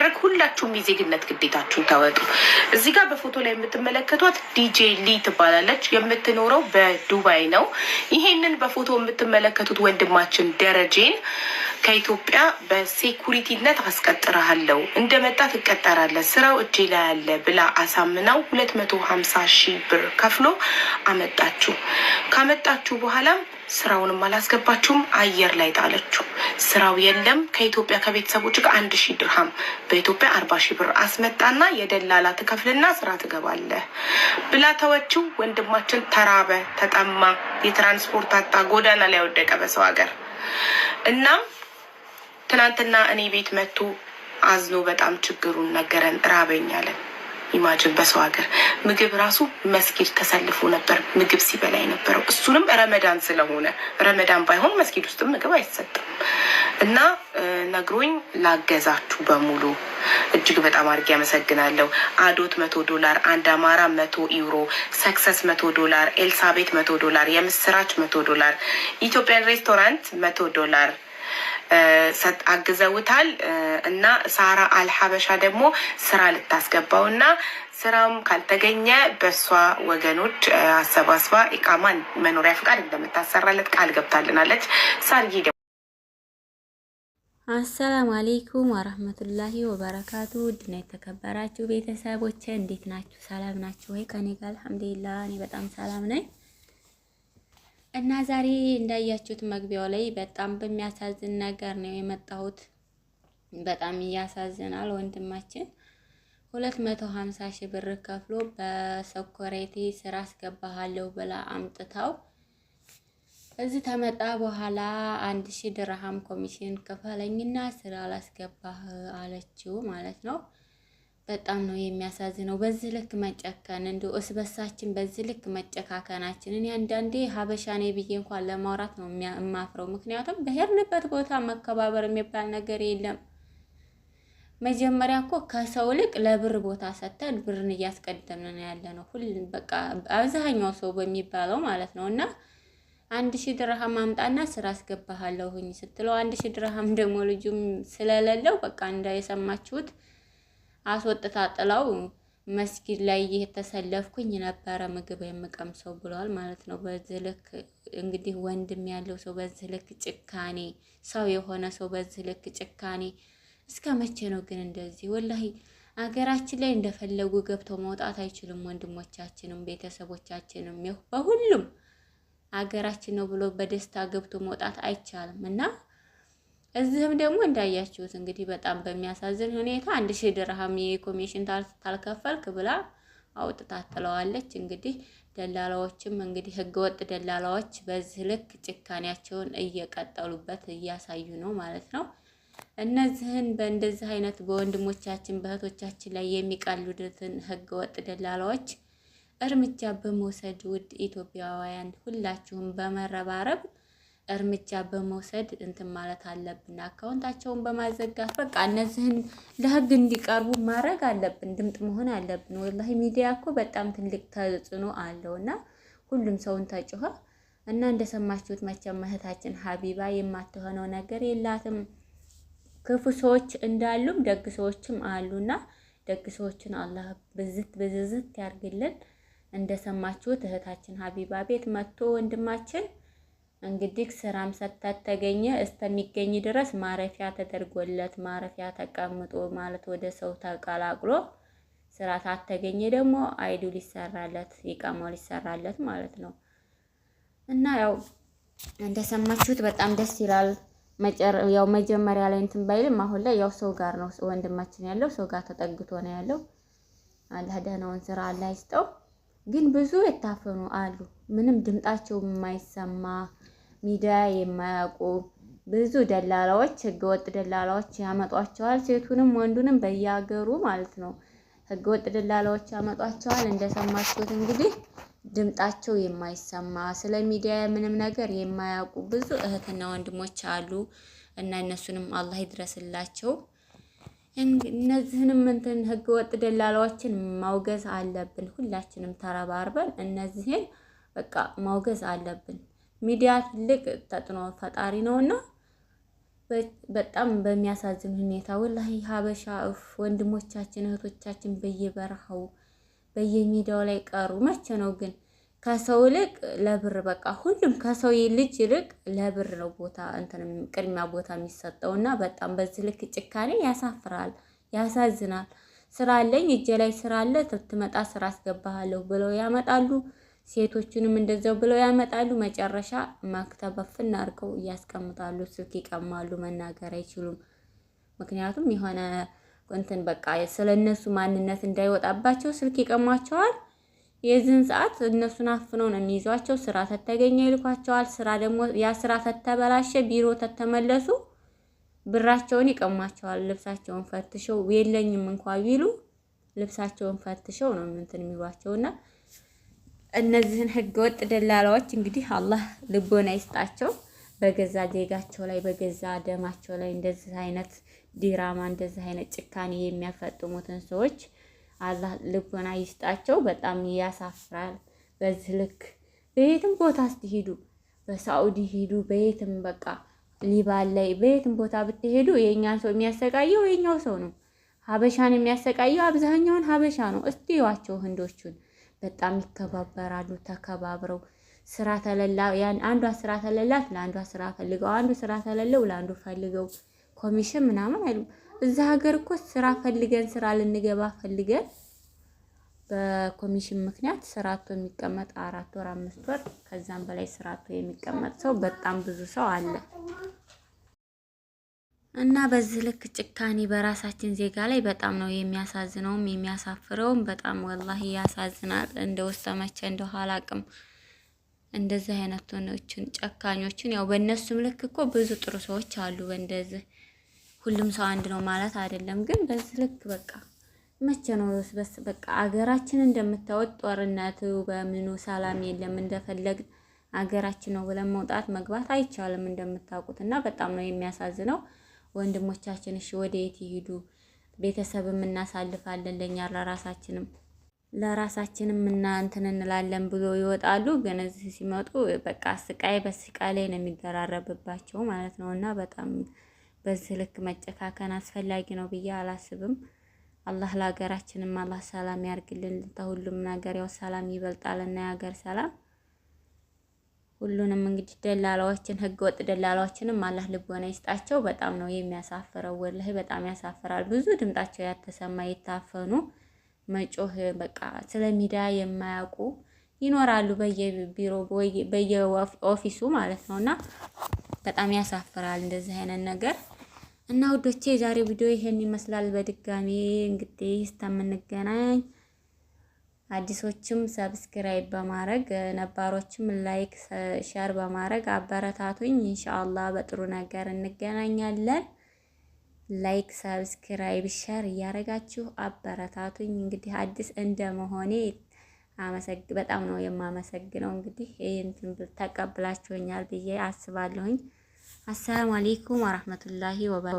ማድረግ ሁላችሁም የዜግነት ግዴታችሁን ተወጡ። እዚህ ጋር በፎቶ ላይ የምትመለከቷት ዲጄ ሊ ትባላለች። የምትኖረው በዱባይ ነው። ይሄንን በፎቶ የምትመለከቱት ወንድማችን ደረጀን ከኢትዮጵያ በሴኩሪቲነት አስቀጥረሃለው እንደመጣ ትቀጠራለህ፣ ስራው እጅ ላይ ያለ ብላ አሳምናው ሁለት መቶ ሀምሳ ሺህ ብር ከፍሎ አመጣችሁ። ካመጣችሁ በኋላም ስራውንም አላስገባችሁም፣ አየር ላይ ጣለችው። ስራው የለም። ከኢትዮጵያ ከቤተሰቦች ጋር አንድ ሺህ ድርሃም በኢትዮጵያ አርባ ሺህ ብር አስመጣና የደላላ ትከፍልና ስራ ትገባለህ ብላ ተወችው። ወንድማችን ተራበ፣ ተጠማ፣ የትራንስፖርት አጣ፣ ጎዳና ላይ ወደቀ በሰው ሀገር እናም ትናንትና እኔ ቤት መጥቶ አዝኖ በጣም ችግሩን ነገረን። ራበኛለን። ኢማጅን በሰው ሀገር ምግብ ራሱ መስጊድ ተሰልፎ ነበር ምግብ ሲበላ የነበረው እሱንም ረመዳን ስለሆነ ረመዳን ባይሆን መስጊድ ውስጥም ምግብ አይሰጥም። እና ነግሮኝ ላገዛችሁ በሙሉ እጅግ በጣም አድርጌ ያመሰግናለሁ። አዶት መቶ ዶላር፣ አንድ አማራ መቶ ዩሮ፣ ሰክሰስ መቶ ዶላር፣ ኤልሳቤት መቶ ዶላር፣ የምስራች መቶ ዶላር፣ ኢትዮጵያን ሬስቶራንት መቶ ዶላር አግዘውታል እና ሳራ አልሀበሻ ደግሞ ስራ ልታስገባው እና ስራም ካልተገኘ በእሷ ወገኖች አሰባስባ ኢቃማ መኖሪያ ፍቃድ እንደምታሰራለት ቃል ገብታልናለች። ሳርጊ አሰላሙ አሌይኩም ወረህመቱላሂ ወበረካቱ። ውድና የተከበራችሁ ቤተሰቦቼ እንዴት ናችሁ? ሰላም ናችሁ ወይ? ከኔ ጋር አልሐምዱሊላህ እኔ በጣም ሰላም ነኝ። እና ዛሬ እንዳያችሁት መግቢያው ላይ በጣም በሚያሳዝን ነገር ነው የመጣሁት። በጣም ያሳዝናል። ወንድማችን ሁለት መቶ ሀምሳ ሺህ ብር ከፍሎ በሰኮሬቴ ስራ አስገባሃለሁ ብላ አምጥታው እዚህ ተመጣ በኋላ አንድ ሺህ ድርሃም ኮሚሽን ክፈለኝና ስራ አላስገባህ አለችው ማለት ነው። በጣም ነው የሚያሳዝነው። በዚህ ልክ መጨከን እንዲ እስበሳችን በዚህ ልክ መጨካከናችን። እኔ አንዳንዴ ሀበሻ ነኝ ብዬ እንኳን ለማውራት ነው የማፍረው። ምክንያቱም በሄድንበት ቦታ መከባበር የሚባል ነገር የለም። መጀመሪያ እኮ ከሰው ልቅ ለብር ቦታ ሰጥተን ብርን እያስቀደምን ያለ ነው። ሁሉም በቃ አብዛኛው ሰው በሚባለው ማለት ነው። እና አንድ ሺህ ድርሃም አምጣና ስራ አስገባሃለሁኝ ስትለው አንድ ሺህ ድርሃም ደግሞ ልጁም ስለሌለው በቃ እንደ የሰማችሁት አስወጥታ ጥላው መስጊድ ላይ እየተሰለፍኩኝ ነበረ ምግብ የምቀምሰው ብለዋል ማለት ነው። በዚህ ልክ እንግዲህ ወንድም ያለው ሰው በዚህ ልክ ጭካኔ፣ ሰው የሆነ ሰው በዚህ ልክ ጭካኔ እስከ መቼ ነው ግን እንደዚህ? ወላሂ አገራችን ላይ እንደፈለጉ ገብተው መውጣት አይችሉም። ወንድሞቻችንም ቤተሰቦቻችንም በሁሉም አገራችን ነው ብሎ በደስታ ገብቶ መውጣት አይቻልም እና እዚህም ደግሞ እንዳያችሁት እንግዲህ በጣም በሚያሳዝን ሁኔታ አንድ ሺህ ድርሃም የኮሚሽን ታልከፈልክ ብላ አውጥታ ጥለዋለች። እንግዲህ ደላላዎችም እንግዲህ ህገወጥ ደላላዎች በዚህ ልክ ጭካኔያቸውን እየቀጠሉበት እያሳዩ ነው ማለት ነው። እነዚህን በእንደዚህ አይነት በወንድሞቻችን በእህቶቻችን ላይ የሚቀልዱትን ህገወጥ ደላላዎች እርምጃ በመውሰድ ውድ ኢትዮጵያውያን ሁላችሁም በመረባረብ እርምጃ በመውሰድ እንትን ማለት አለብን። አካውንታቸውን በማዘጋት በቃ እነዚህን ለህግ እንዲቀርቡ ማድረግ አለብን። ድምጥ መሆን አለብን። ወላሂ ሚዲያ እኮ በጣም ትልቅ ተጽዕኖ አለው እና ሁሉም ሰውን ተጮኸ እና እንደሰማችሁት መቼም እህታችን ሀቢባ የማትሆነው ነገር የላትም። ክፉ ሰዎች እንዳሉም ደግ ሰዎችም አሉና ደግ ሰዎችን አላህ ብዝት ብዝዝት ያርግልን። እንደሰማችሁት እህታችን ሀቢባ ቤት መጥቶ ወንድማችን እንግዲህ ስራም ሳታገኘ እስከሚገኝ ድረስ ማረፊያ ተደርጎለት ማረፊያ ተቀምጦ ማለት ወደ ሰው ተቀላቅሎ ስራ ሳታገኘ ደግሞ አይዱ ሊሰራለት ይቃማው ሊሰራለት ማለት ነው። እና ያው እንደሰማችሁት በጣም ደስ ይላል። ያው መጀመሪያ ላይ እንትን ባይልም አሁን ላይ ያው ሰው ጋር ነው ወንድማችን ያለው ሰው ጋር ተጠግቶ ነው ያለው። አላህ ደህናውን ስራ አላህ ይስጠው። ግን ብዙ የታፈኑ አሉ ምንም ድምጣቸው የማይሰማ ሚዲያ የማያውቁ ብዙ ደላላዎች፣ ህገወጥ ደላላዎች ያመጧቸዋል። ሴቱንም ወንዱንም በያገሩ ማለት ነው ህገወጥ ደላላዎች ያመጧቸዋል። እንደሰማችሁት እንግዲህ ድምጣቸው የማይሰማ ስለ ሚዲያ ምንም ነገር የማያውቁ ብዙ እህትና ወንድሞች አሉ እና እነሱንም አላህ ይድረስላቸው። እነዚህንም እንትን ህገወጥ ደላላዎችን ማውገዝ አለብን። ሁላችንም ተረባርበን እነዚህን በቃ ማውገዝ አለብን። ሚዲያ ትልቅ ተጽዕኖ ፈጣሪ ነውና በጣም በሚያሳዝን ሁኔታ ወላሂ ሀበሻ ወንድሞቻችን እህቶቻችን በየበረሃው በየሚዲያው ላይ ቀሩ። መቼ ነው ግን ከሰው ይልቅ ለብር በቃ ሁሉም ከሰው ልጅ ይልቅ ለብር ነው ቦታ እንትን ቅድሚያ ቦታ የሚሰጠው እና በጣም በዚህ ልክ ጭካኔ ያሳፍራል፣ ያሳዝናል። ስራ አለኝ እጄ ላይ ስራ አለ ትመጣ ስራ አስገባሃለሁ ብለው ያመጣሉ። ሴቶቹንም እንደዛው ብለው ያመጣሉ። መጨረሻ መክተበፍና አድርገው እያስቀምጣሉ። ስልክ ይቀማሉ። መናገር አይችሉም። ምክንያቱም የሆነ እንትን በቃ ስለ እነሱ ማንነት እንዳይወጣባቸው ስልክ ይቀሟቸዋል። የዚህን ሰዓት እነሱን አፍነው ነው የሚይዟቸው። ስራ ተተገኘ ይልኳቸዋል። ስራ ደግሞ ያ ስራ ተተበላሸ፣ ቢሮ ተተመለሱ ብራቸውን ይቀሟቸዋል። ልብሳቸውን ፈትሸው የለኝም እንኳ ቢሉ ልብሳቸውን ፈትሸው ነው እንትን የሚሏቸውና እነዚህን ህገወጥ ደላላዎች እንግዲህ አላህ ልቦና ይስጣቸው። በገዛ ዜጋቸው ላይ በገዛ ደማቸው ላይ እንደዚህ አይነት ዲራማ እንደዚህ አይነት ጭካኔ የሚያፈጥሙትን ሰዎች አላህ ልቦና ይስጣቸው። በጣም ያሳፍራል። በዚህ ልክ በየትም ቦታ ስትሄዱ፣ በሳዑዲ ሄዱ፣ በየትም በቃ ሊባን ላይ በየትም ቦታ ብትሄዱ የእኛን ሰው የሚያሰቃየው የኛው ሰው ነው። ሀበሻን የሚያሰቃየው አብዛኛውን ሀበሻ ነው። እስቲ ዋቸው ህንዶቹን በጣም ይከባበራሉ። ተከባብረው ስራ ተለላ አንዷ ስራ ተለላት ለአንዷ ስራ ፈልገው፣ አንዱ ስራ ተለለው ለአንዱ ፈልገው ኮሚሽን ምናምን አይሉ። እዛ ሀገር እኮ ስራ ፈልገን ስራ ልንገባ ፈልገን በኮሚሽን ምክንያት ስራቶ የሚቀመጥ አራት ወር አምስት ወር ከዛም በላይ ስራቶ የሚቀመጥ ሰው በጣም ብዙ ሰው አለ። እና በዚህ ልክ ጭካኔ በራሳችን ዜጋ ላይ በጣም ነው የሚያሳዝነውም የሚያሳፍረውም። በጣም ወላሂ ያሳዝናል። እንደ ውስጥ መቼ እንደ አላቅም እንደዚህ አይነቶችን ጨካኞችን። ያው በእነሱም ልክ እኮ ብዙ ጥሩ ሰዎች አሉ። በእንደዚህ ሁሉም ሰው አንድ ነው ማለት አይደለም። ግን በዚህ ልክ በቃ መቼ ነው በስ በቃ አገራችን እንደምታወጥ ጦርነቱ በምኑ ሰላም የለም እንደፈለግ አገራችን ነው ብለን መውጣት መግባት አይቻልም እንደምታውቁት እና በጣም ነው የሚያሳዝነው። ወንድሞቻችን እሺ ወደ የት ይሂዱ? ቤተሰብም እናሳልፋለን ለእኛ ለራሳችንም ለራሳችንም እና እንትን እንላለን ብሎ ይወጣሉ። ግን እዚህ ሲመጡ በቃ ስቃይ በስቃይ ላይ ነው የሚደራረብባቸው ማለት ነው። እና በጣም በዚህ ልክ መጨካከን አስፈላጊ ነው ብዬ አላስብም። አላህ ለሀገራችንም አላህ ሰላም ያርግልን። ተሁሉም ነገር ያው ሰላም ይበልጣልና የሀገር ሰላም ሁሉንም እንግዲህ ደላላዎችን ወጥ ደላላዎችንም አላህ ልቦና ይስጣቸው። በጣም ነው የሚያሳፍረው፣ ወላሂ በጣም ያሳፍራል። ብዙ ድምጣቸው ያልተሰማ የታፈኑ መጮህ በቃ ስለ ሚዲያ የማያውቁ ይኖራሉ፣ በየቢሮ በየኦፊሱ ማለት ነው። እና በጣም ያሳፍራል እንደዚህ አይነት ነገር እና ውዶቼ የዛሬ ቪዲዮ ይሄን ይመስላል። በድጋሚ እንግዲህ እስከምንገናኝ አዲሶችም ሰብስክራይብ በማድረግ ነባሮችም ላይክ ሸር በማድረግ አበረታቱኝ። ኢንሻአላህ በጥሩ ነገር እንገናኛለን። ላይክ ሰብስክራይብ ሸር እያደረጋችሁ አበረታቱኝ። እንግዲህ አዲስ እንደመሆኔ በጣም ነው የማመሰግነው። እንግዲህ ይህን ተቀብላችሁኛል ብዬ አስባለሁኝ። አሰላሙ አሌይኩም ወራህመቱላሂ ወበረካቱ።